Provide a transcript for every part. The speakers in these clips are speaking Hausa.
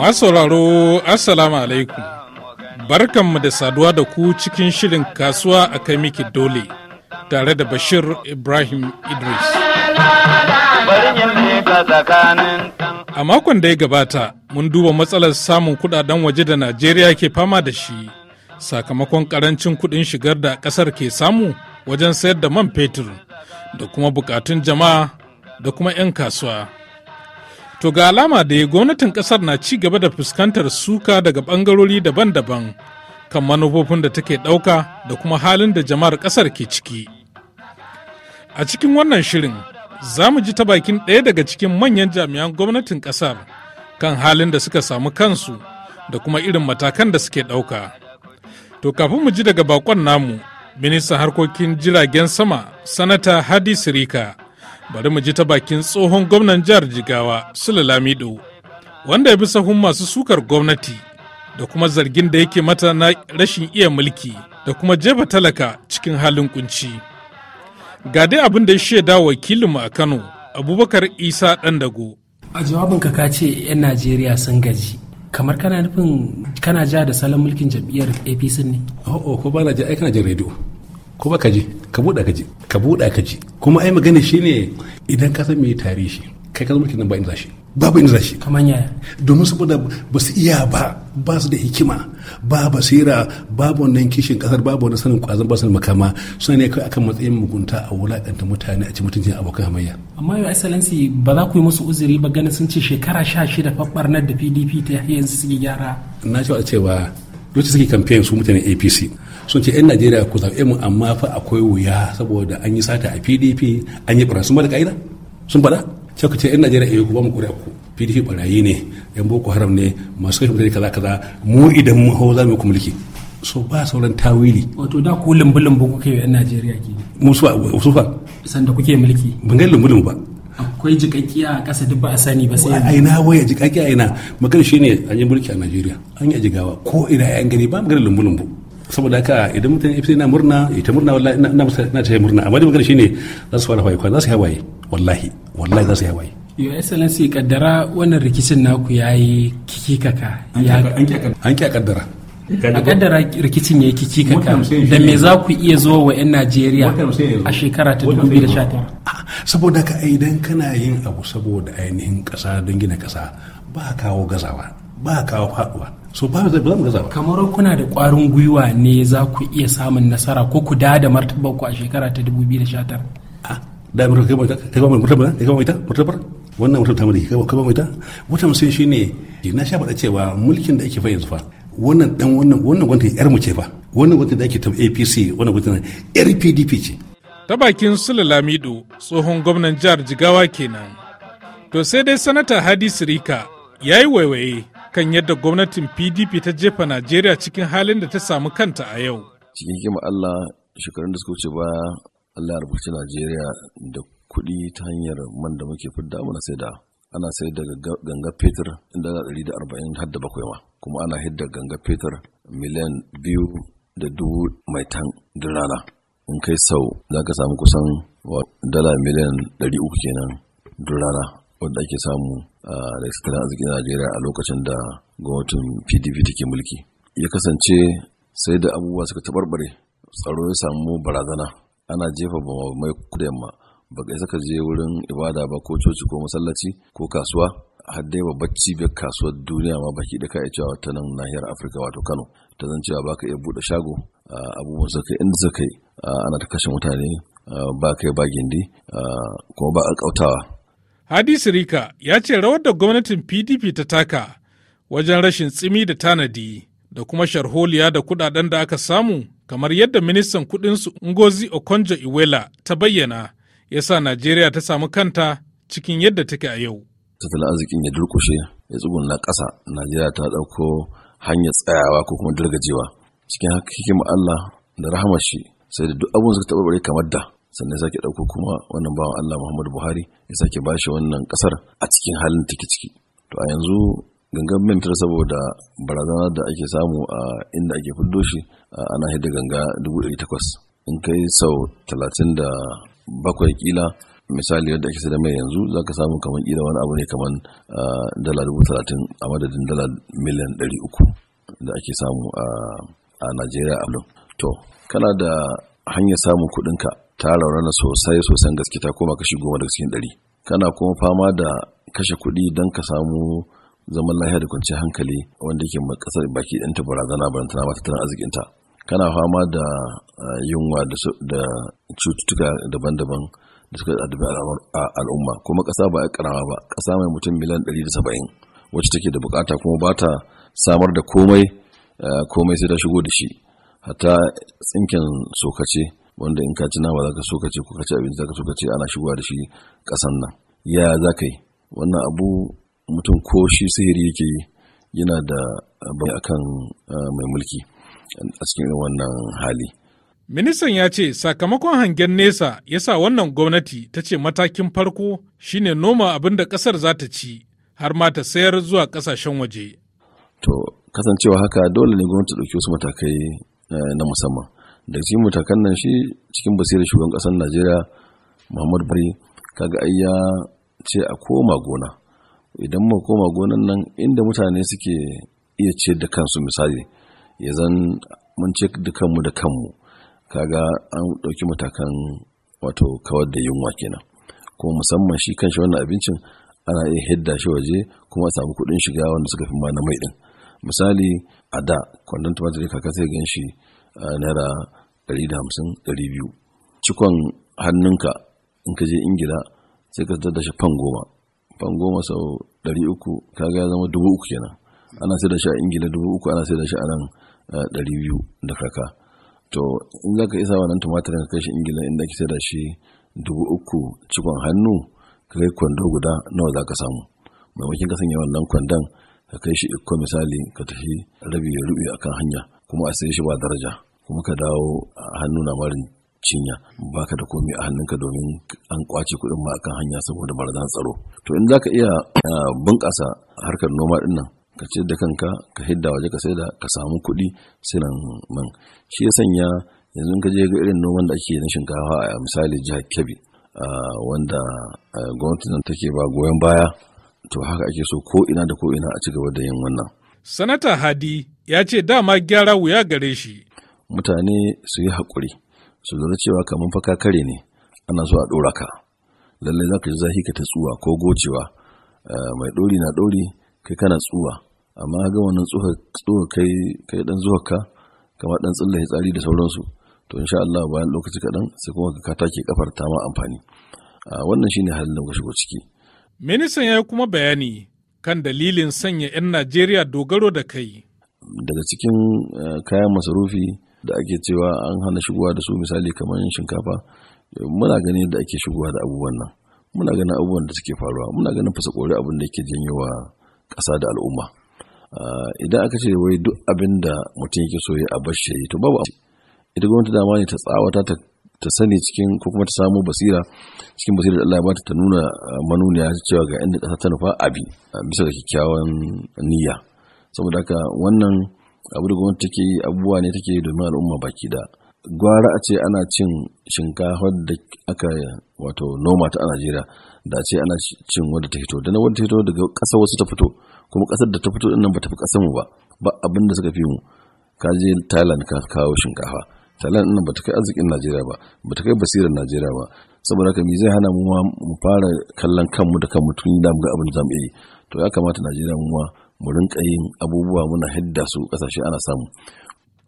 Masu sauraro Assalamu alaikum. Barkanmu da saduwa da ku cikin shirin kasuwa a kai miki dole tare da Bashir Ibrahim Idris. A makon da ya gabata, mun duba matsalar samun kudaden waje da Najeriya ke fama da shi sakamakon karancin kudin shigar da kasar ke samu wajen sayar da man fetur da kuma bukatun jama'a da kuma 'yan kasuwa. To ga alama da gwamnatin kasar na ci gaba da fuskantar suka daga bangarori daban-daban kan manufofin da take ɗauka da kuma halin da jama'ar kasar ke ciki. A cikin wannan shirin za mu ji ta bakin ɗaya daga cikin manyan jami'an gwamnatin kasar kan halin da suka samu kansu da kuma irin matakan da suke ɗauka. To kafin mu ji daga bakon namu ministan harkokin jiragen sama sanata hadi sirika bari mu ji ta bakin tsohon gwamnan jihar jigawa sule lamido wanda ya bi sahun masu sukar gwamnati da kuma zargin da yake mata na rashin iya mulki da kuma jefa talaka cikin halin kunci ga dai abin da ya shaida wakilinmu a kano abubakar isa dandago a jawabinka ka ce 'yan najeriya sun gaji kamar kana nufin kana ja da salon mulkin jam'iyyar apc ne oh ko ba na ai kana jin rediyo ko ba ka ji ka buɗa ka ji ka buɗa ka ji kuma ai magana shine idan ka san me tare kai ka zama kenan ba inda zashi babu inda zashi kaman yaya domin saboda ba su iya ba ba su da hikima ba basira babu wannan kishin kasar babu wannan sanin kwazon ba sanin makama suna ne kai akan matsayin mugunta a wulakanta mutane a ci mutuncin abokan hamayya amma yau excellency ba za ku yi musu uzuri ba ganin sun ce shekara sha shida na da pdp ta yanzu yi gyara na cewa lokacin suke campaign su mutane apc sun ce 'yan najeriya ku zaɓe mu amma fa akwai wuya saboda an yi sata a pdp an yi fara sun ba da ka'ida sun faɗa sai eh, ku ce yan najeriya ku kuma mu kuri'a ku pdp barayi ne yan boko haram ne masu kashe mutane kaza kaza mu idan mu hau za mu ku mulki so ba sauran tawili wato da ku lumbu lumbu kuke yan najeriya ke mu su su fa sanda kuke mulki ban ga lumbu lumbu ba akwai jikakkiya a ƙasa duk ba a sani ba sai a ina waya jikakkiya a ina magana shine an yi mulki a najeriya an yi jigawa ko ina yan gani ba gani lumbu lumbu saboda haka idan mutane fc na murna ita murna wallahi ina ina ta murna amma da magana shine za su fara hawaye kwa za su hawaye wallahi wallahi za su hawaye yo excellency kaddara wannan rikicin naku yayi kikikaka an ki kaddara a kaddara rikicin yayi kikikaka da me za ku iya zo wa yan Najeriya a shekara ta 2019 saboda ka idan kana yin abu saboda ainihin kasa don gina kasa ba kawo gazawa ba kawo faduwa so ba zai zama gaza kamar kuna da kwarin gwiwa ne za ku iya samun nasara ko ku da da martabar ku a shekara ta 2019 a da mu kai mai kai mai martaba kai mai ta martabar wannan martaba ta mu kai kai mai ta wata musin shine na sha bada cewa mulkin da ake fa yanzu fa wannan dan wannan wannan gwamnati yar mu ce fa wannan gwamnati da ake ta APC wannan gwamnati yar PDP ce ta bakin Sule Lamido tsohon gwamnan jihar Jigawa kenan to sai dai sanata Hadi Sirika yayi waiwaye kan yadda gwamnatin PDP ta jefa Najeriya cikin halin da ta samu kanta a yau. Cikin kima Allah shekarun da suka wuce baya Allah ya Najeriya da kuɗi ta hanyar man da muke fidda sai da ana sai da ganga fetur inda na ɗari da arba'in har da bakwai ma kuma ana hidda ganga fetur miliyan biyu da dubu mai tan da rana in kai sau za ka samu kusan dala miliyan ɗari uku kenan duk rana wanda ake samu da tattalin arzikin najeriya a lokacin da gwamnatin pdp take mulki ya kasance sai da abubuwa suka tabarbare tsaro ya samu barazana ana jefa mai kudu yamma ba kai saka je wurin ibada ba ko coci ko masallaci ko kasuwa har dai babbar cibiyar kasuwar duniya ma baki da ka iya cewa ta nan nahiyar afirka wato kano ta zan cewa baka iya buɗe shago abubuwan suka inda suka yi ana ta kashe mutane ba kai ba gindi kuma ba a kautawa Hadi Rika ya ce rawar da gwamnatin PDP ta taka wajen rashin tsimi da tanadi da kuma sharholiya da kudaden da aka samu kamar yadda ministan kudinsu Ngozi Okonjo iwela ta bayyana ya sa Najeriya ta samu kanta cikin yadda take a yau. Tattalin arzikin ya durkushe ya tsugunna ƙasa Najeriya ta ɗauko hanyar tsayawa ko kuma dargajewa cikin hakikin Allah da rahama shi sai da duk abun suka taɓarɓare kamar da sannan sake ɗauko kuma wannan bawan Allah Muhammadu Buhari ya sake bashi wannan kasar a cikin halin take ciki to a yanzu gangan mintar saboda barazana da ake samu a inda ake fuddo shi ana hidda ganga 1800 in kai sau 37 kila misali yadda ake da mai yanzu za ka samu kamar kila wani abu ne kamar dala 30 a madadin dala miliyan 300 da ake samu a Najeriya a to kana da hanyar samun kuɗinka ta raunana sosai sosan gaske ta koma kashi goma daga cikin ɗari kana kuma fama da kashe kuɗi don ka samu zaman lahiya da kwanciyar hankali wanda yake kasar baki ɗanta barazana barantana ma tattalin arzikinta kana fama da eh, yunwa da cututtuka daban-daban da suka adabi al'umma kuma ƙasa ba a ƙarawa ba ƙasa mai mutum miliyan ɗari da saba'in wacce take da bukata kuma ba ta samar da komai eh, komai sai ta shigo da shi hatta tsinken sokace wanda in ka ci nama za ka so ka ce ko ka ci abinci za ka so ka ce ana shigowa da shi ƙasan nan ya za ka yi wannan abu mutum ko shi sihiri yake yana da bai akan eh, mai mulki a cikin wannan hali ministan ya ce sakamakon hangen nesa ya sa wannan gwamnati ta ce matakin farko shine noma abin da ƙasar za ta ci har ma ta sayar zuwa ƙasashen waje to kasancewa haka dole ne gwamnati ta ɗauki wasu matakai eh, na musamman da shi mutakan nan shi cikin basirar shugaban kasar najeriya muhammad bari kaga ai ya ce a koma gona idan mu koma gonan nan inda mutane suke iya ce da kansu misali ya zan mun ce da kanmu da kanmu kaga an ɗauki matakan wato kawar da yunwa kenan kuma musamman shi kan shi wannan abincin ana iya hidda shi waje kuma a samu kuɗin shiga wanda suka fi ma na mai ɗin misali a da kwandon tumatiri kaka sai gan shi naira 150-200 cikon hannunka in ka je ingila sai ka da shi fan goma fan goma sau 300 kaga ya zama dubu uku kenan ana sai da shi a ingila dubu uku ana sai da shi a nan 200 eh, da kaka to in za ka isa wannan tumatir ka kai shi ingila inda ake sai da shi dubu uku cikon hannu ka kai kwando guda nawa za ka samu maimakon ka sanya wannan kwandon ka kai shi ikko misali ka tafi rabi ya rubi akan hanya kuma a sai shi ba daraja kuma ka dawo a hannu na marin cinya baka da komi a hannunka domin an kwace kuɗin ma akan hanya saboda barazan tsaro to in za ka iya bunƙasa harkar noma din nan ka ce da kanka ka hidda waje ka saida ka samu kuɗi nan man shi ya sanya yanzu ka je ga irin noman da ake na shinkafa a misali jihar Kebbi wanda gwamnati nan take ba goyon baya to haka ake so ko ina da ko ina a ci gaba da yin wannan sanata hadi ya ce dama gyara wuya gare shi. Mutane su yi haƙuri, su lura cewa kamar faka kare ne, ana so a ɗora ka. Lallai za ka ji zahi ka ta tsuwa ko gocewa, eh, mai ɗori na ɗori kai kana tsuwa, amma ga wannan tsuwa kai kai ɗan zuwa ka, kamar ɗan ya tsari da sauransu. To insha Allah bayan lokaci kaɗan sai kuma ka take kafar ta ma amfani. Eh, wannan shi ne halin da muka shigo ciki. Ministan ya yi kuma bayani kan dalilin sanya 'yan Najeriya dogaro da kai. daga cikin eh, kayan masarufi da ake cewa an hana shigowa da su misali kamar shinkafa muna ganin da ake shigowa da abubuwan nan muna gani abubuwan da suke faruwa muna ganin fasa kori abin da yake janyowa ƙasa da al'umma eh, idan aka ce wai duk abin da mutum yake so ya abar shi to babu ita gwamnati dama ne ta tsawata ta ta sani cikin ko kuma ta samu basira cikin basira da Allah ya bata ta nuna eh, manuniya cewa ga inda ƙasa ta nufa abi bisa da kyakkyawan niyya saboda haka wannan abu da gwamnati take abubuwa ne take domin al'umma baki da gwara a ce ana cin shinkafa da aka wato noma ta a Najeriya da ce ana cin wadda ta fito da wadda ta fito daga ƙasar wasu ta fito kuma ƙasar da ta fito din nan ba ta fi ƙasar mu ba ba abin suka fi mu ka je Thailand ka kawo shinkafa Thailand nan ba ta kai arzikin Najeriya ba ba ta kai basirar Najeriya ba saboda haka mi zai hana mu mu fara kallon kanmu da kanmu tun da mu ga abin da zamu yi to ya kamata Najeriya mu ma mu rinka yin abubuwa muna hidda su kasashe ana samu.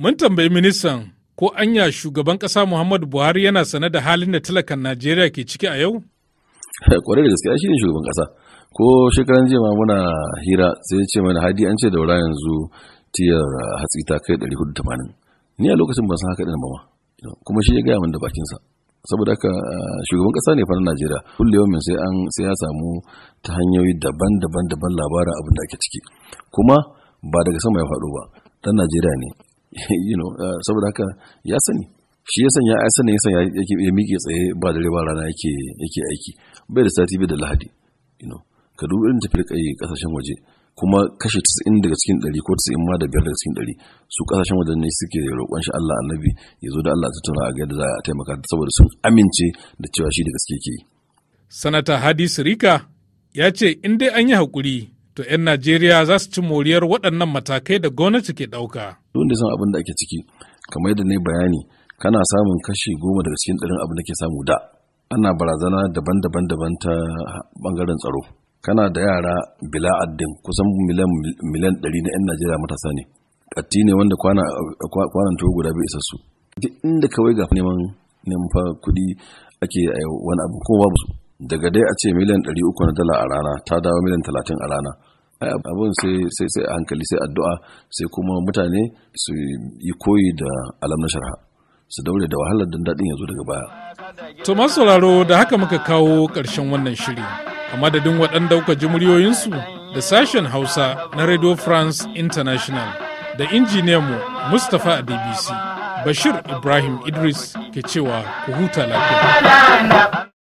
Mun tambayi ministan ko anya shugaban kasa Muhammadu Buhari yana sane da halin da talakan Najeriya ke ciki a yau? Kwarai da gaskiya shi ne shugaban kasa. Ko shekaran jiya ma muna hira sai ce mana hadi an ce daura yanzu tiyar ah, hatsi ta kai 480. Ni a lokacin ban san haka din ba ma. Kuma shi ya gaya min da bakinsa. saboda haka ah, shugaban kasa ne farin najeriya kullum min sai an sai ya samu ta hanyoyi daban-daban daban labarin abin da ake ciki kuma ba daga sama ya faɗo ba dan najeriya ne you know ah, saboda haka ya sani shi ya sanya ya sani ya sanya ya miƙe tsaye ba dare ba rana yake yake aiki bai da sati bai da lahadi you know ka duba irin tafiyar kai kasashen waje kuma kashe 90 daga cikin 100 ko 90 ma da biyar daga cikin 100 su kasashen ne suke roƙon shi Allah annabi ya zo da Allah ta tura a ga za a taimaka saboda sun amince da cewa shi da gaske ke sanata hadis rika ya ce in dai an yi haƙuri to 'yan najeriya za su ci moriyar waɗannan matakai da gwamnati ke ɗauka duk da san abin da ake ciki kamar yadda na bayani kana samun kashe goma daga cikin ɗarin abin da ke samu da ana barazana daban-daban daban ta ɓangaren tsaro kana da yara bila addin kusan miliyan ɗari na 'yan najeriya matasa ne ƙatti ne wanda kwanan tuwo guda bai isa su duk inda kawai ga neman neman kuɗi ake wani abu ko babu su daga dai a ce miliyan ɗari uku na dala a rana ta dawo miliyan talatin a rana abin sai sai hankali sai addu'a sai kuma mutane su yi koyi da alam na sharha su daure da wahalar dan daɗin ya zo daga baya to sauraro da haka muka kawo ƙarshen wannan shirin. a madadin waɗanda kuka ji muryoyinsu da sashen hausa na radio france international da injiniyanmu mustapha a dbc bashir ibrahim idris ke cewa ku huta lafiya